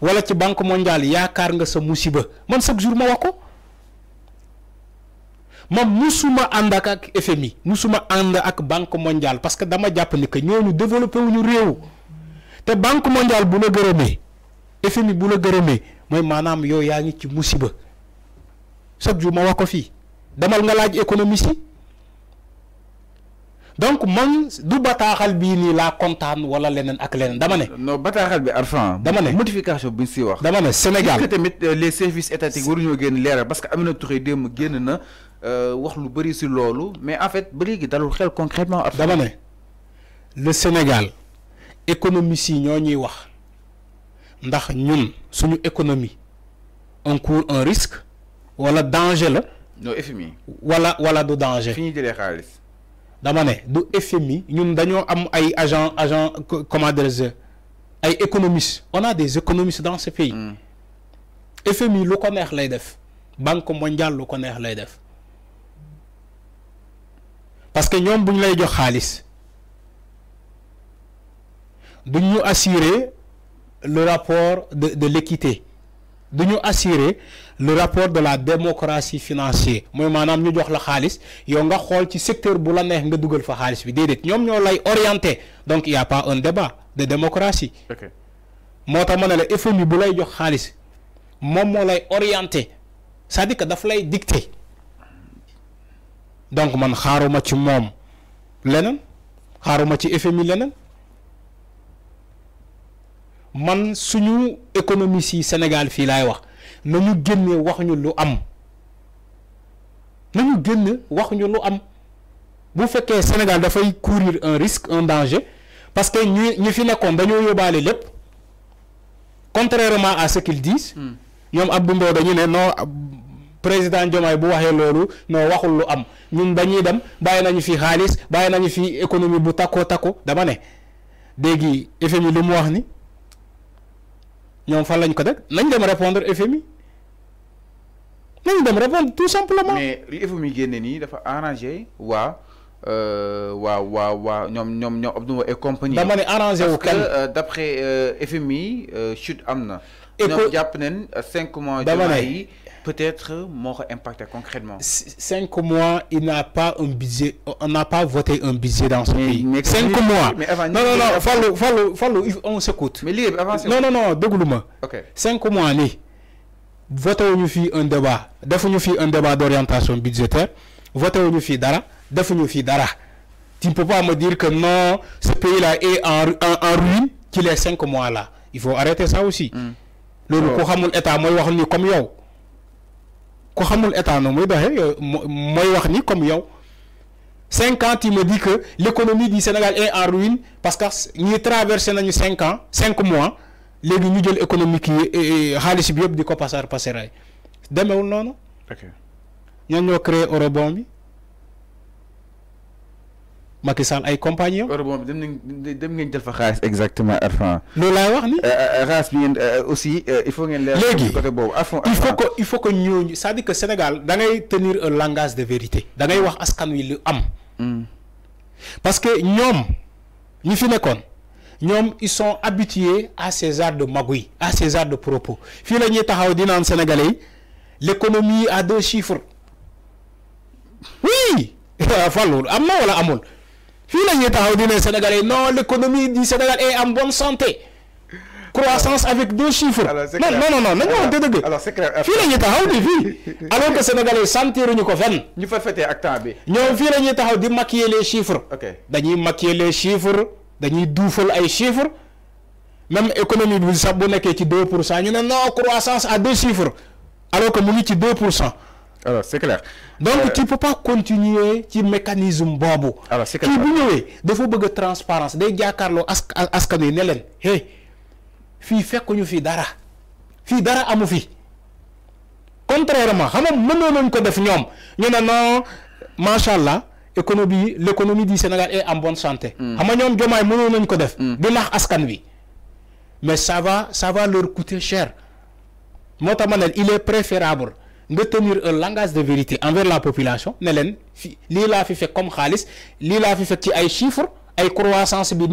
wala ci banque mondiale yaakaar nga sa musiba man chaque jour ma wax ko ma musuma ànd ak ak FMI musuma ànd ak banque mondiale parce que dama jàpp ni que ñooñu développé wu ñu réew te banque mondiale bu la gërëmee FMI bu la gërëmee mooy maanaam yow yaa ngi ci musiba chaque jour ma wax ko fii demal nga laaj économiste yi donc man du bataaxal bii ni la kontaan wala leneen ak leneen dama ne. non bataxal bi Arfan. dama ne modification buñ ñu si wax. dama ne Sénégal tamit euh, les services étatiques ñu génn léra parce que Aminata Touré dem génn na euh, wax lu bari ci lolu mais en fait ba léegi dalul xel concrètement Arfan. dama ne le Sénégal économistes yi ñoo ñuy wax ndax ñun suñu économie on court un risque wala danger la. non FMI. wala wala du danger. fi ñuy jëlee dama du FMI ñun dañoo am ay agent agent économistes on a des économistes dans ce pays hmm. FMI lu l'EDF banque mondiale lu ko lay def parce que ñom buñ lay jox assurer le rapport de l'équité du assurer le rapport de la démocratie financière mais maintenant ñu jox la xaalis yow nga xool ci secteur bu la neex nga dugal fa xaalis bi déedéet ñoom lay orienté donc il y a pas un débat de démocratie. moo tax ma ne la FMI bu lay jox xaalis moom moo lay orienté c'est-à-dire que daf lay dicté donc man xaaruma ci moom leneen xaaruma ci FMI man suñu économie si Sénégal fii laay wax nañu génne wax ñu lu am nañu génne wax ñu lu am bu fekkee Sénégal dafay courir un risque un danger parce que ñu ñu fi nekkoon dañoo yóbbaale lépp contrairement à ce qu'ils disent hmm. ñoom Abdou Mbow dañu ne non président Diomaye bu waxee loolu non waxul lu am ñun dañuy dem bàyyi nañu fi xaalis bàyyi nañu fi économie bu takkoo takko dama ne léegi FMI lu mu wax ni ñom fa lañ ko teg nañ dem répondre FMI nañ dem répondre tout simplement. mais li FMI génne ni dafa arranger wa euh wa wa wa ñom ñom ñom Abdou et compagnie. dama né arranger wu kenn parce que euh, d' après euh, FMI euh, chute amna na. japp que ñoom nañ cinq mois. dama ne peut-être m'aura impacté concrètement Cinq mois, il n'a pas un budget, on n'a pas voté un budget dans ce pays. cinq mois. non, non, non, fallo, fallo, fallo, on s'écoute. Mais Non, non, non, dégoulou-moi. Cinq mois, allez. Votons-nous un débat. Défons-nous un débat d'orientation budgétaire. Votons-nous d'ara. votons nous d'ara. Tu ne peux pas me dire que non, ce pays-là est en, ruine, qu'il est cinq mois là. Il faut arrêter ça aussi. Le, oh. est à moi, comme yo ko xamul état na moy doxee euh, moy wax ni comme yow cinq ans tu me dit que l'économie du Sénégal est en ruine parce que ñi traversé nañu 5 ans 5 mois légui ñu jël économie kii euh, xaalis bi yeb di ko pasar paseraay demewul noonu. ñoo ñoo créé eurobond bi. Macky Sall ay compagnons. bon dem dem ngeen jël fa exactement enfin loolu laay wax ni. Euh, euh, raas bi euh, aussi il faut ngeen. leeral ci côté boobu Arfan il faut que il faut que ñooñu ça dit que Sénégal da ngay tenir un langage de vérité. da ngay wax askan wi lu am. Hmm. parce que ñom ñi fi nekkoon ñom ils sont habitués à ces arts de magouille à ces arts de propos fi la ñi taxaw di sénégalais l'économie a deux chiffres oui. waaw Fallou am wala amul. Sénégalais non l'économie du Sénégal est en bonne santé croissance avec deux chiffres non non non alors que Sénégalais sentiruñu ko fenn ñu fa fete ak bi de maquiller les chiffres dañuy maquiller les chiffres dañuy ay chiffres même économie vous savez bu est ci deux non croissance à deux chiffres alors que mu ngi alors c'est clair donc tu euh, peux pas continuer ci mécanisme bobo. alors c'est clair kii bu ñëwee dafa bëgg transparence des gars carlo Askane, wi hey, leen hey fii fekkuñu fii dara fii dara amu fi contrairement xam nga mënoon nañ ko def ñoom ñu non l'économie du Sénégal est en bonne santé. Hmm. xam nga ñoom jomaay mënoon nañ ko def. Hmm. di nax mais ça va ça va leur coûter cher notamment il est préférable de tenir un langage de vérité envers la population Nélène, leen fi fi comme Khalis, li la fi fait ci chiffres ay croissance bi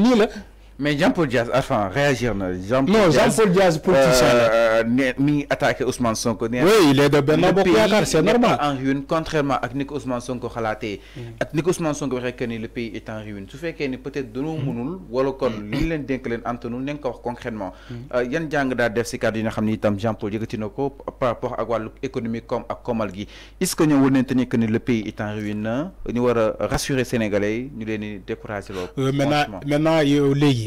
mais Jean-Paul Diaz enfin réagir na. non Jean-Paul Diaz euh, politicien Euh, ne mi attaqué Ousmane Sonko. oui il est de Benno Bokk Yaakaar c'est normal en ruine contrairement à ni Ousmane Sonko xalaatee. Mm. ak ni Ousmane Sonko waxee que le pays est en ruine su fekkee ni peut-être dañoo mm. mënul. wala kon mm. li ñu leen dénk leen antanu nañ ko wax concrètement. Euh, yan jàng daa def si kàddu yi nga xam ni Jean-Paul yëkkati na par rapport ak wàllu économique comme ak komal gi est-ce que ñoom war nañu tenir que le pays est en ruine ñu war a rassurer sénégalais ñu leen décourager loolu. Euh, maintenant maintenant yow léegi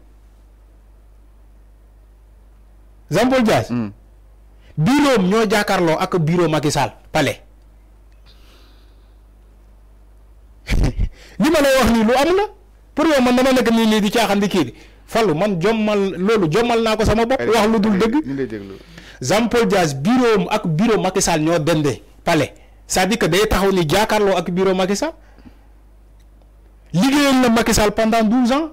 Jean Paul Dias. Mm. bureau am ñoo jàkkaarloo ak bureau Macky Sall li ma lay wax nii lu am la pour yow man dama nekk nii nii di caaxaan di kii di fallu man jommal loolu jommal naa ko sama bopp. wax lu dul dëgg. Jean Paul Dias bureau am ak bureau Macky ñoo dende pale sa à day taxaw ni jàkkaarloo ak bureau Macky Sall liggéeyal na Macky Sall pendant douze ans.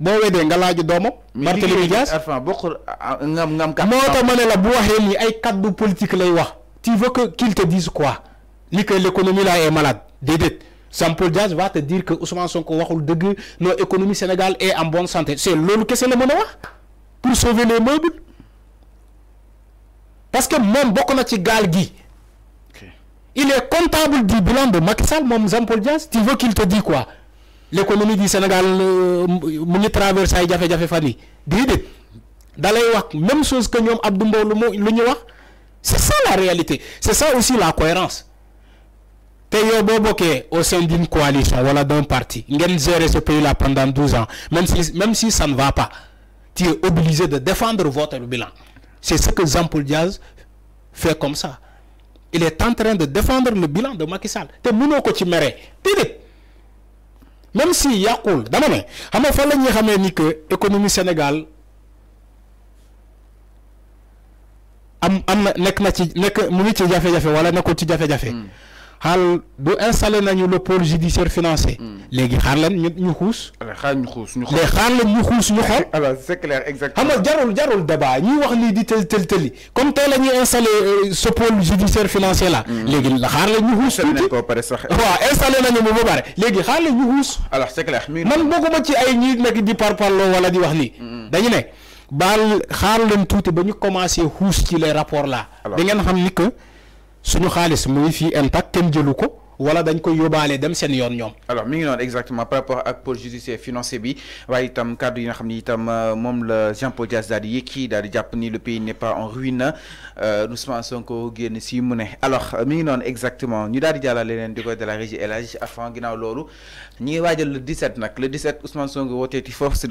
boo weddee nga laaju doomam. Barthélémy Dias bokkul ah, ngam ngam kat moo tax ma ne la bu waxee nii ay kaddu politique lay wax. tu veux que qu'il te dise quoi Ni que l'économie là est malade déedéet Jean-Paul va te dire que Ousmane Sonko waxul dëgg No économie Sénégal est en bonne santé c'est loolu kese la mën wax pour sauver les meubles parce que mon bokk na ci gi. il est comptable du bilan de Macky Sall moom Jean-Paul tu veux qu'il te dise quoi l'économie du Sénégal euh, mu ngi traversé ay jafé jafe fan yi wax même chose que ñom Abdou Mbow lu wax c'est ça la réalité c'est ça aussi la cohérence te yow au sein d'une coalition voilà d'un parti ngén gérer ce pays là pendant 12 ans même si même si ça ne va pas tu es obligé de défendre votre bilan c'est ce que Jean-Paul Diaz fait comme ça il est en train de défendre le bilan de Macky Sall té mëno ko ci Méré, dédé même si yàqul dama ne xam nga fan la ñuy xamee ni que économie senegal am am na nekk na ci nekk mu ngi ci jafe-jafe wala nekkul ci jafe-jafe. Hmm. xaal du installer nañu le pôle judiciaire financier. Hmm. légui xar leen ñu ñu ala xar ñu xuus ñu xool léegi xar leen ñu xuus ñu xool. alors ah bah, c'est clair exactement. xam jarul jarul débat ñi wax li di tel tel tëli comme tey lañu installer euh, ce pôle judiciaire financier là. Hmm. la xar leen ñu xuus. tuuti wa installer nañu ba ba légui xar xaar ñu xuus. alors c'est clair man bokkuma ci ay ñi nekk di parlo wala di wax lii. Hmm. dañu ne bal xar leen tuuti bañu commencer commencé ci les rapports là. di ngeen xam ni que suñu xaalis mu ngi fii intact kenn jëlu ko wala dañ koy yóbbaale dem seen yoon ñoom. alors mi ngi noonu exactement par rapport ak pour judiciaire financier bi waaye itam cadre yi nga xam ni itam euh, moom la Jean Paul Diaz daal di yëkki daal di jàpp ni le pays n'est pas en ruine euh, Ousmane Sonko génn si mu ne. alors euh, mi ngi noonu exactement ñu daal di jàllale leneen di ko de la régie El Hadj Afan ginnaaw loolu ñu ngi waajal le 17 nag le 17 Ousmane Sonko wooteeti foofu si.